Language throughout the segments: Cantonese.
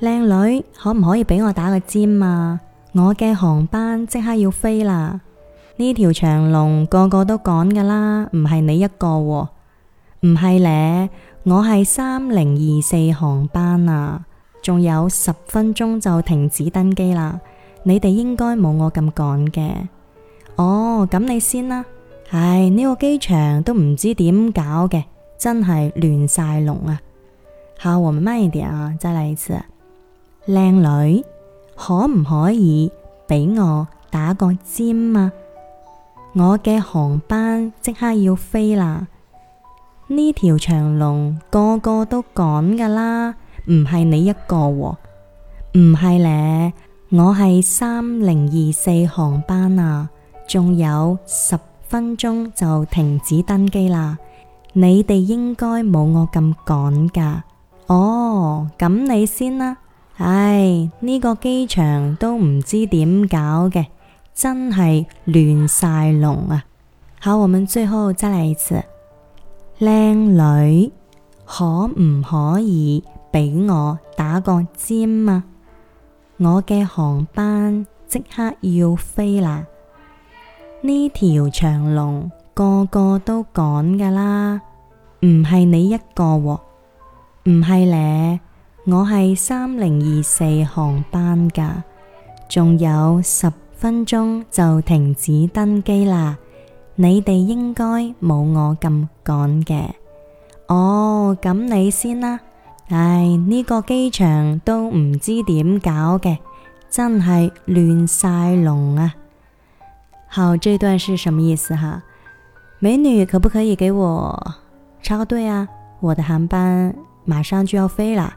靚女，可唔可以俾我打個尖啊？我嘅航班即刻要飛啦。呢條長龍個個都趕噶啦，唔係你一個喔，唔係咧，我係三零二四航班啊，仲有十分鐘就停止登機啦。你哋應該冇我咁趕嘅。哦，咁你先啦。唉，呢、呢個機場都唔知點搞嘅，真係亂晒籠啊！下我慢一啲啊，再嚟一次。靚女，可唔可以俾我打個尖啊？我嘅航班即刻要飛啦。呢條長龍個個都趕噶啦，唔係你一個喔，唔係咧，我係三零二四航班啊，仲有十分鐘就停止登機啦。你哋應該冇我咁趕噶。哦，咁你先啦。唉、哎，呢個機場都唔知點搞嘅，真係亂晒籠啊！好，我們最後再嚟一次，靚女，可唔可以俾我打個尖啊？我嘅航班即刻要飛啦，呢條長龍個個都趕噶啦，唔係你一個喔，唔係咧。我係三零二四航班噶，仲有十分鐘就停止登機啦。你哋應該冇我咁趕嘅。哦，咁你先啦。唉、哎，呢、這個機場都唔知點搞嘅，真係亂晒籠啊！好，這段是什麼意思？哈，美女可不可以給我插個隊啊？我的航班馬上就要飛啦。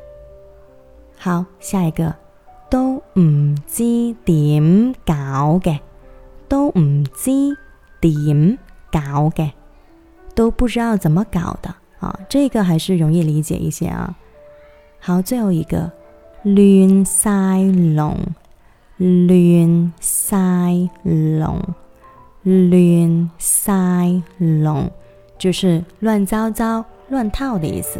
好，下一個，都唔知點搞嘅，都唔知點搞嘅，都不知道怎麼搞的啊。這個還是容易理解一些啊。好，最後一個亂晒籠，亂晒籠，亂晒籠，就是亂糟糟、亂套的意思。